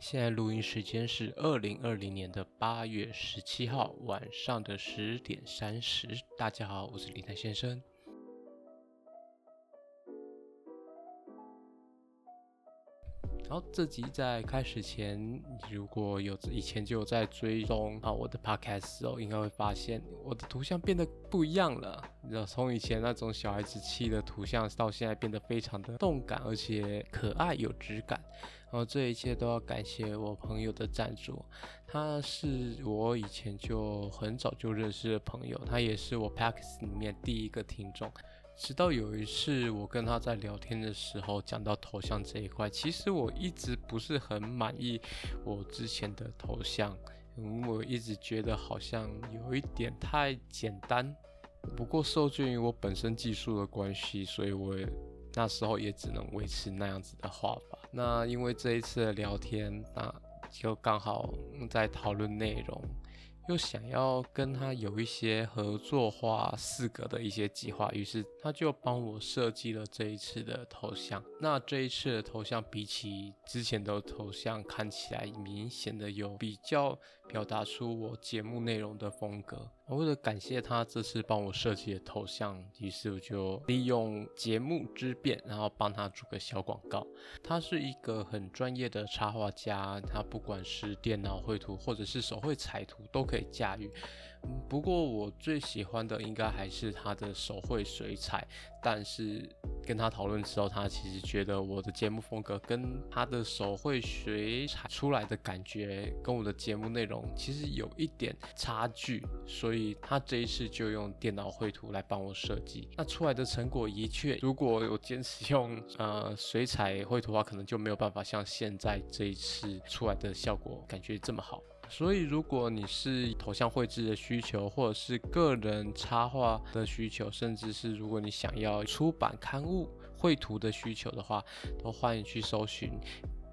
現在錄音時間是二零二零年的八月十七號晚上的十點三十。大家好，我是李誕先生。然後這集在開始前，如果有以前就有在追蹤啊我的 podcast 的時候，應該會發現我的圖像變得不一樣了。你知道，從以前那種小孩子氣的圖像，到現在變得非常的動感，而且可愛有質感。然後這一切都要感謝我朋友的贊助，他是我以前就很早就認識的朋友，他也是我 podcast 裡面第一個聽眾。直到有一次，我跟他在聊天的時候，講到頭像這一塊，其實我一直不是很滿意我之前的頭像，因、嗯、為我一直覺得好像有一點太簡單。不過受制於我本身技術的關係，所以我那時候也只能維持那樣子的畫法。那因為這一次的聊天，那就剛好在討論內容。又想要跟他有一些合作畫，四格的一些計劃，於是他就幫我設計了這一次的頭像。那這一次的頭像比起之前的頭像，看起來明顯的有比較。表達出我節目內容的風格。我為了感謝他這次幫我設計的頭像，於是我就利用節目之便，然後幫他做個小廣告。他是一個很專業的插畫家，他不管是電腦繪圖或者是手繪彩圖都可以駕馭。不過我最喜歡的應該還是他的手繪水彩，但是跟他討論之後，他其實覺得我的節目風格跟他的手繪水彩出來的感覺，跟我的節目內容其實有一點差距，所以他這一次就用電腦繪圖來幫我設計。那出來的成果的確，如果我堅持用呃水彩繪圖的話，可能就沒有辦法像現在這一次出來的效果感覺這麼好。所以，如果你是頭像繪制的需求，或者是個人插畫的需求，甚至是如果你想要出版刊物繪圖的需求的話，都歡迎去搜尋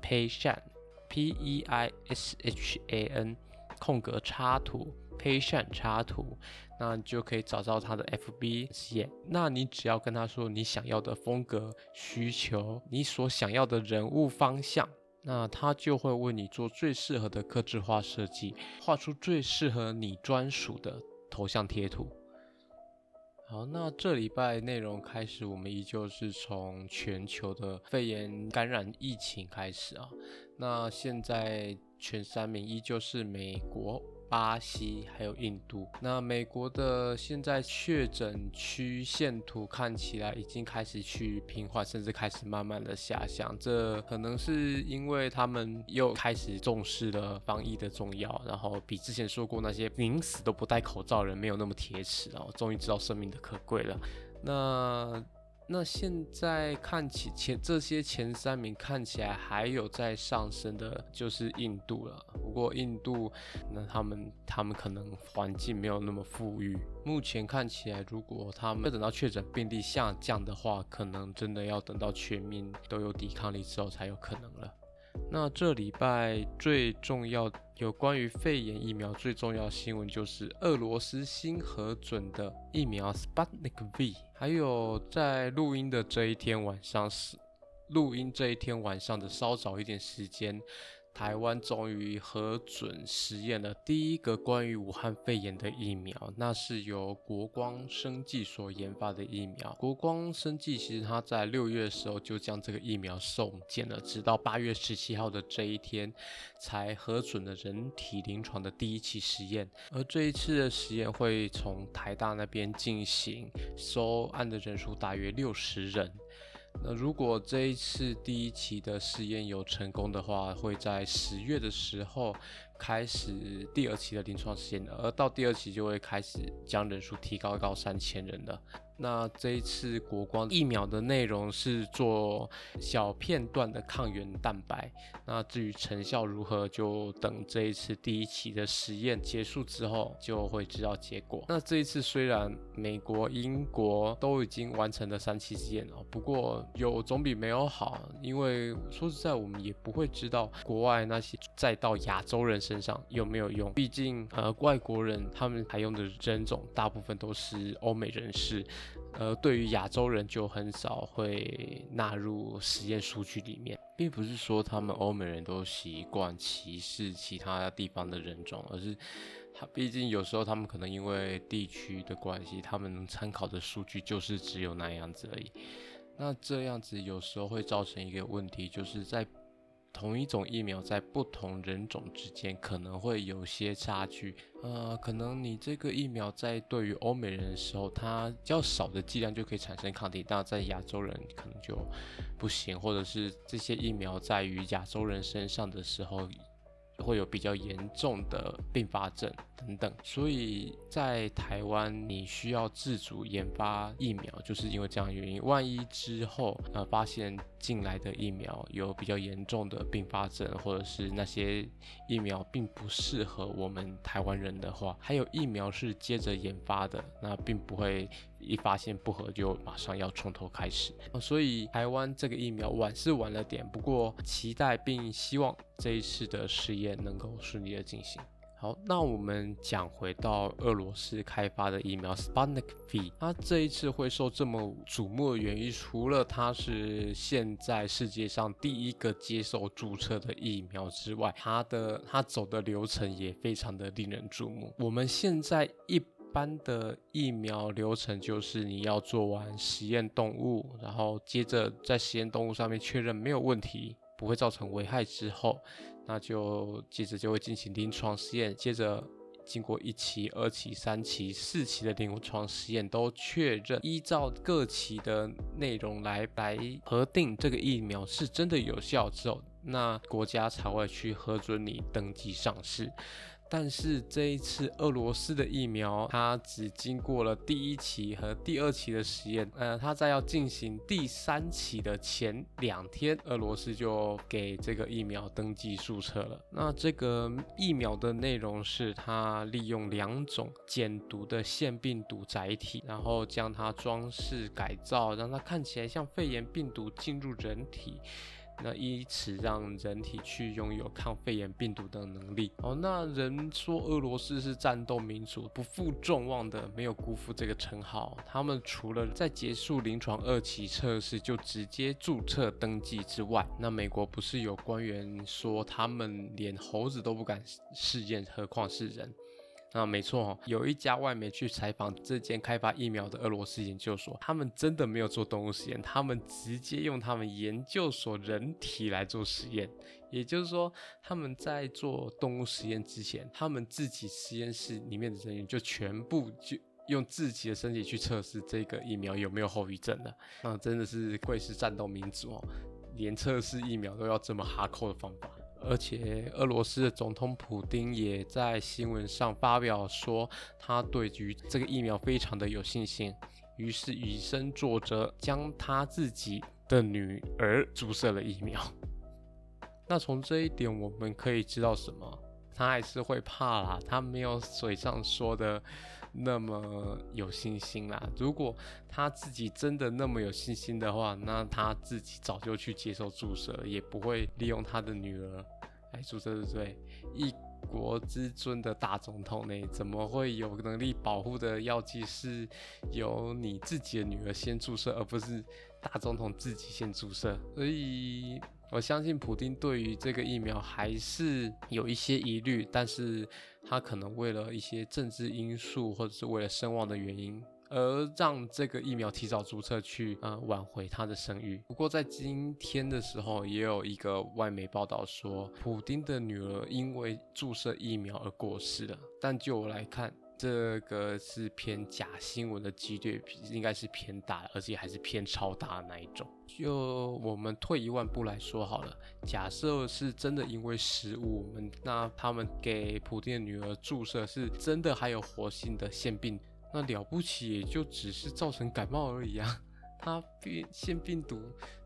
Peishan P E I S H A N 空格插圖 Peishan 插圖，那你就可以找到他的 FB，那你只要跟他說你想要的風格需求，你所想要的人物方向。那他就會為你做最適合的客製化設計，畫出最適合你專屬的頭像貼圖。好，那這禮拜內容開始，我們依舊是從全球的肺炎感染疫情開始啊。那現在前三名依舊是美國。巴西還有印度，那美國的現在確診曲線圖看起來已經開始去平緩，甚至開始慢慢的下降。這可能是因為他們又開始重視了防疫的重要，然後比之前說過那些臨死都不戴口罩的人沒有那麼鐵齒了，然後終於知道生命的可貴了。那。那現在看起前這些前三名看起來還有在上升的，就是印度了。不過印度那他們他們可能環境沒有那麼富裕。目前看起來，如果他們要等到確診病例下降的話，可能真的要等到全民都有抵抗力之後才有可能了。那這禮拜最重要有關於肺炎疫苗最重要新聞，就是俄羅斯新核准的疫苗 Sputnik V，還有在錄音的這一天晚上，是錄音這一天晚上的稍早一點時間。台灣終於核准實驗了第一個關於武漢肺炎的疫苗，那是由國光生技所研發的疫苗。國光生技其實它在六月的時候就將這個疫苗送檢了，直到八月十七號的這一天才核准了人體臨床的第一期實驗。而這一次的實驗會從台大那邊進行，收案的人數大約六十人。那如果這一次第一期的試驗有成功的話，會在十月的時候開始第二期的臨床試驗了，而到第二期就會開始將人數提高到三千人了。那這一次國光疫苗的內容是做小片段的抗原蛋白。那至於成效如何，就等這一次第一期的實驗結束之後就會知道結果。那這一次雖然美國、英國都已經完成了三期試驗了，不過有總比沒有好。因為說實在，我們也不會知道國外那些再到亞洲人，身上有沒有用？畢竟呃，外國人他們採用的是人種，大部分都是歐美人士，呃，對於亞洲人就很少會納入實驗數據裡面，並不是說他們歐美人都習慣歧視其他地方的人種，而是他畢竟有時候他們可能因為地區的關係，他們能參考的數據就是只有那樣子而已。那這樣子有時候會造成一個問題，就是在。同一種疫苗在不同人種之間可能會有些差距，呃，可能你這個疫苗在對於歐美人的時候，它較少的劑量就可以產生抗體，但在亞洲人可能就不行，或者是這些疫苗在於亞洲人身上的時候。會有比較嚴重的併發症等等，所以在台灣你需要自主研發疫苗，就是因為這樣原因。萬一之後呃發現進來的疫苗有比較嚴重的併發症，或者是那些疫苗並不適合我們台灣人的話，還有疫苗是接着研發的，那並不會。一發現不合就馬上要從頭開始。哦，所以台灣這個疫苗晚是晚了點，不過期待並希望這一次的試驗能夠順利的進行。好，那我們講回到俄羅斯開發的疫苗 Sputnik V，它這一次會受這麼矚目的原因，除了它是現在世界上第一個接受注冊的疫苗之外，它的它走的流程也非常的令人矚目。我們現在一。一般的疫苗流程就是你要做完實驗動物，然後接着在實驗動物上面確認沒有問題，不會造成危害之後，那就接着就會進行臨床試驗，接着經過一期、二期、三期、四期的臨床試驗都確認，依照各期的內容來來核定這個疫苗是真的有效之後，那國家才會去核准你登記上市。但是這一次俄羅斯的疫苗，它只經過了第一期和第二期的實驗，呃，它在要進行第三期的前兩天，俄羅斯就給這個疫苗登記註冊了。那這個疫苗的內容是，它利用兩種減毒的腺病毒載體，然後將它裝飾改造，讓它看起來像肺炎病毒進入人體。那依此讓人體去擁有抗肺炎病毒的能力哦。那人說俄羅斯是戰鬥民族，不負眾望的，沒有辜負這個稱號。他們除了在結束臨床二期測試就直接註冊登記之外，那美國不是有官員說他們連猴子都不敢試驗，何況是人？啊，沒錯哦，有一家外媒去採訪這間開發疫苗的俄羅斯研究所，他們真的沒有做動物實驗，他們直接用他們研究所人體來做實驗。也就是說，他們在做動物實驗之前，他們自己實驗室裡面的人員就全部就用自己的身體去測試這個疫苗有沒有後遺症的。那真的是貴是戰鬥民族哦，連測試疫苗都要這麼哈扣的方法。而且，俄羅斯的總統普丁也在新聞上發表說，他對於這個疫苗非常的有信心。於是以身作則，將他自己的女兒注射了疫苗。那從這一點，我們可以知道什麼？他還是會怕啦，他沒有嘴上說的那麼有信心啦。如果他自己真的那麼有信心的話，那他自己早就去接受注射，也不會利用他的女兒來、哎、注射，對不對？一國之尊的大總統呢、欸，怎麼會有能力保護的藥劑是由你自己的女兒先注射，而不是大總統自己先注射？所以。我相信普丁對於這個疫苗還是有一些疑慮，但是他可能為了一些政治因素或者是為了聲望的原因，而讓這個疫苗提早注冊去，呃、嗯，挽回他的聲譽。不過在今天的時候，也有一個外媒報道說，普丁的女兒因為注射疫苗而過世了。但就我來看，這個是偏假新聞的幾率，應該是偏大，而且還是偏超大的那一種。就我們退一萬步來說好了，假設是真的因為失誤，那他們給普丁的女兒注射是真的還有活性的腺病毒，那了不起也就只是造成感冒而已啊，它病腺病毒。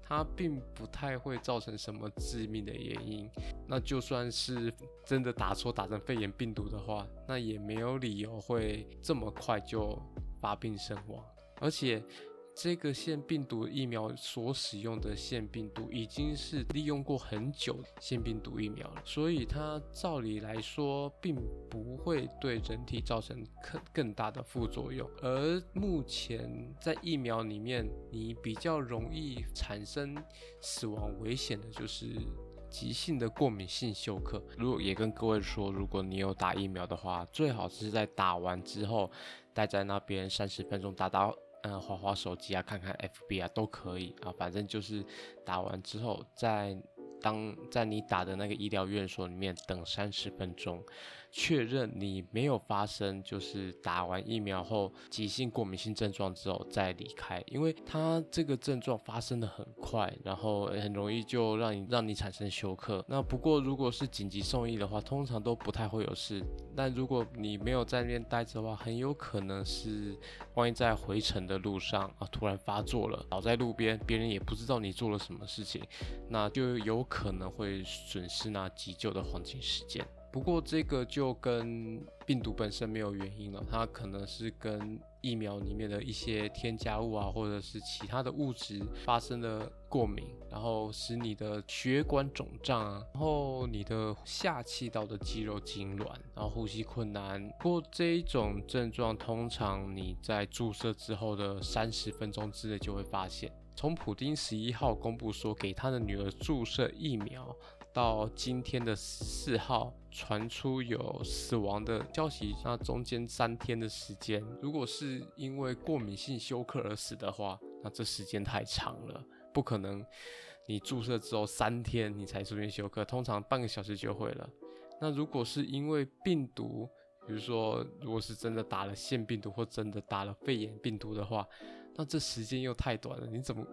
它並不太會造成什麼致命的原因，那就算是真的打錯打成肺炎病毒的話，那也沒有理由會這麼快就發病身亡，而且。這個腺病毒疫苗所使用的腺病毒已經是利用過很久的腺病毒疫苗了，所以它照理來說並不會對人體造成更更大的副作用。而目前在疫苗裡面，你比較容易產生死亡危險的就是急性的過敏性休克。如果也跟各位說，如果你有打疫苗的話，最好是在打完之後待在那邊三十分鐘，打到。嗯，滑滑手機啊，看看 FB 啊，都可以啊，反正就是打完之後再。當在你打的那個醫療院所裡面等三十分鐘，確認你沒有發生就是打完疫苗後急性過敏性症狀之後再離開，因為他這個症狀發生的很快，然後很容易就讓你讓你產生休克。那不過如果是緊急送醫的話，通常都不太會有事。但如果你沒有在那邊待着的話，很有可能是萬一在回程的路上啊突然發作了，倒在路邊，別人也不知道你做了什麼事情，那就有。可能會損失那急救的黃金時間。不過這個就跟病毒本身沒有原因了，它可能是跟疫苗裡面的一些添加物啊，或者是其他的物質發生了過敏，然後使你的血管腫脹啊，然後你的下氣道的肌肉痙攣，然後呼吸困難。不過這種症狀通常你在注射之後的三十分鐘之內就會發現。從普丁十一號公布，說給他的女兒注射疫苗，到今天的四號傳出有死亡的消息，那中間三天的時間，如果是因為過敏性休克而死的話，那這時間太長了，不可能。你注射之後三天你才出現休克，通常半個小時就會了。那如果是因為病毒，比如說，如果是真的打了腺病毒，或真的打了肺炎病毒的話，那這時間又太短了，你怎麼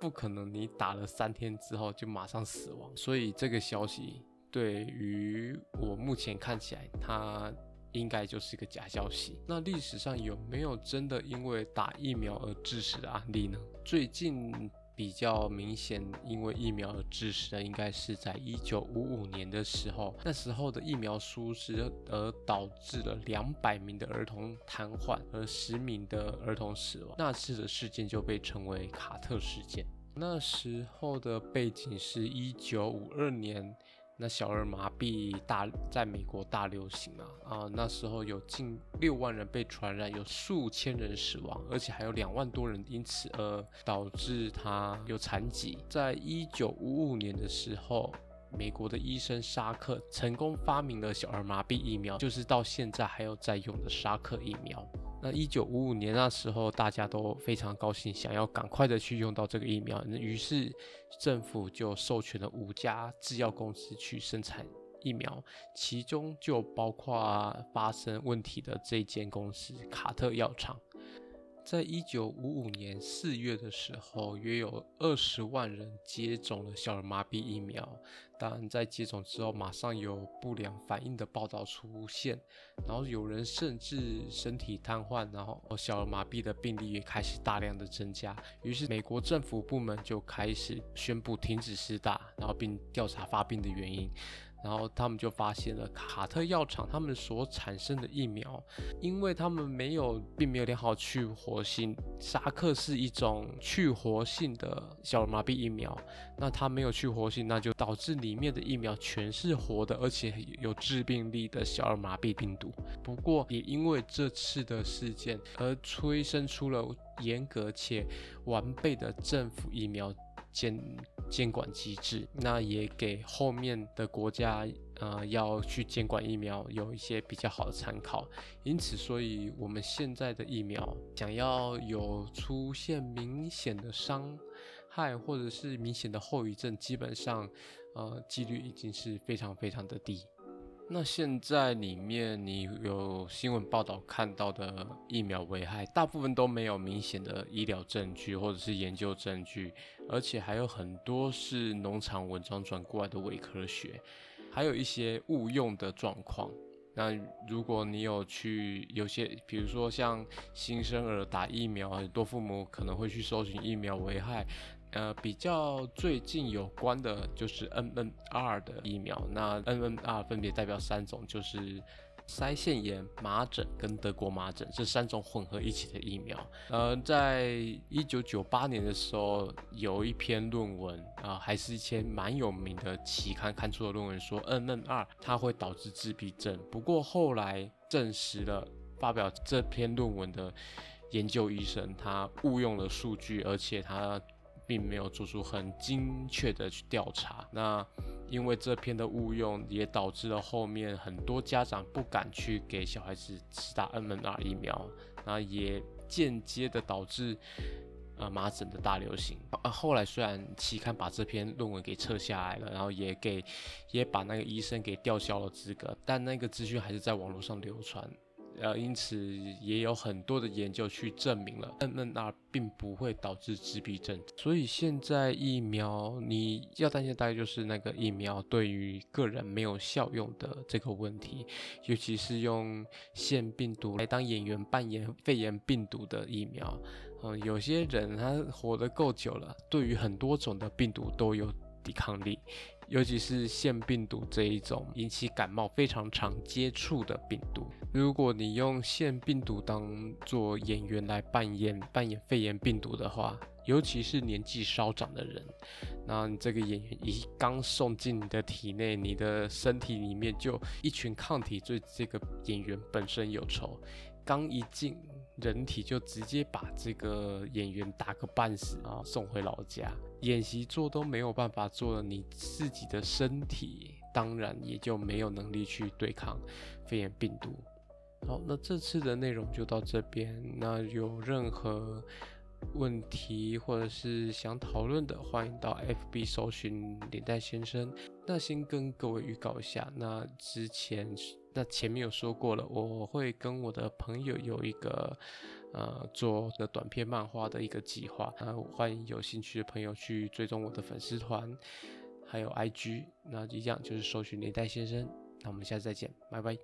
不可能，你打了三天之後就馬上死亡。所以這個消息對於我目前看起來，它應該就是一個假消息。那歷史上有沒有真的因為打疫苗而致死的案例呢？最近。比較明顯因為疫苗而致死的，應該是在一九五五年的時候，那時候的疫苗疏失而導致了兩百名的兒童癱瘓，和十名的兒童死亡。那次的事件就被稱為卡特事件。那時候的背景是一九五二年。那小兒麻痹大在美國大流行啊啊！那時候有近六萬人被傳染，有數千人死亡，而且還有兩萬多人因此而、呃、導致他有殘疾。在一九五五年的時候。美國的醫生沙克成功發明了小兒麻痹疫苗，就是到現在還有在用的沙克疫苗。那一九五五年那時候，大家都非常高興，想要趕快的去用到這個疫苗。於是政府就授權了五家製藥公司去生產疫苗，其中就包括發生問題的這間公司——卡特藥廠。在一九五五年四月的時候，約有二十萬人接種了小兒麻痹疫苗。但在接種之後，馬上有不良反應的報道出現，然後有人甚至身體癱瘓，然後小兒麻痹的病例也開始大量的增加。於是，美國政府部門就開始宣布停止施打，然後並調查發病的原因。然後他們就發現了卡特藥廠他們所產生的疫苗，因為他們沒有並沒有良好去活性，沙克是一種去活性的小兒麻痹疫苗，那它沒有去活性，那就導致裡面的疫苗全是活的，而且有致病力的小兒麻痹病毒。不過也因為這次的事件而催生出了嚴格且完備的政府疫苗。監監管機制，那也給後面的國家呃要去監管疫苗有一些比較好的參考。因此，所以我們現在的疫苗想要有出現明顯的傷害或者是明顯的後遺症，基本上呃幾率已經是非常非常的低。那現在裡面，你有新聞報道看到的疫苗危害，大部分都沒有明顯的醫療證據或者是研究證據，而且還有很多是農場文章轉過來的偽科學，還有一些誤用的狀況。那如果你有去有些，比如說像新生兒打疫苗，很多父母可能會去搜尋疫苗危害。呃，比較最近有關的就是 MMR 的疫苗。那 MMR 分別代表三種，就是腮腺炎、麻疹跟德國麻疹這三種混合一起的疫苗。呃，在一九九八年的時候，有一篇論文啊、呃，還是一些蠻有名的期刊刊出的論文，說 MMR 它會導致自閉症。不過後來證實了，發表這篇論文的研究醫生他誤用了數據，而且他。並沒有做出很精確的去調查，那因為這篇的誤用，也導致了後面很多家長不敢去給小孩子去打 MMR 疫苗，那也間接的導致，啊、呃、麻疹的大流行。啊，後來雖然期刊把這篇論文給撤下來了，然後也給也把那個醫生給吊銷了資格，但那個資訊還是在網絡上流傳。呃，因此也有很多的研究去證明了，MMR 並不會導致自閉症。所以現在疫苗你要擔心，大概就是那個疫苗對於個人沒有效用的這個問題，尤其是用腺病毒來當演員扮演肺炎病毒的疫苗。嗯，有些人他活得夠久了，對於很多種的病毒都有抵抗力。尤其是腺病毒這一種引起感冒非常常接觸的病毒，如果你用腺病毒當做演員來扮演扮演肺炎病毒的話，尤其是年紀稍長的人，那你這個演員一剛送進你的體內，你的身體裡面就一群抗體對這個演員本身有仇，剛一進。人體就直接把這個演員打個半死，啊，送回老家，演習做都沒有辦法做了，你自己的身體當然也就沒有能力去對抗肺炎病毒。好，那這次的內容就到這邊，那有任何問題或者是想討論的，歡迎到 FB 搜尋連帶先生。那先跟各位預告一下，那之前。那前面有說過了，我會跟我的朋友有一個呃做的短篇漫畫的一個計劃，那歡迎有興趣的朋友去追蹤我的粉絲團，還有 IG，那一樣就是搜尋年代先生，那我們下次再見，拜拜。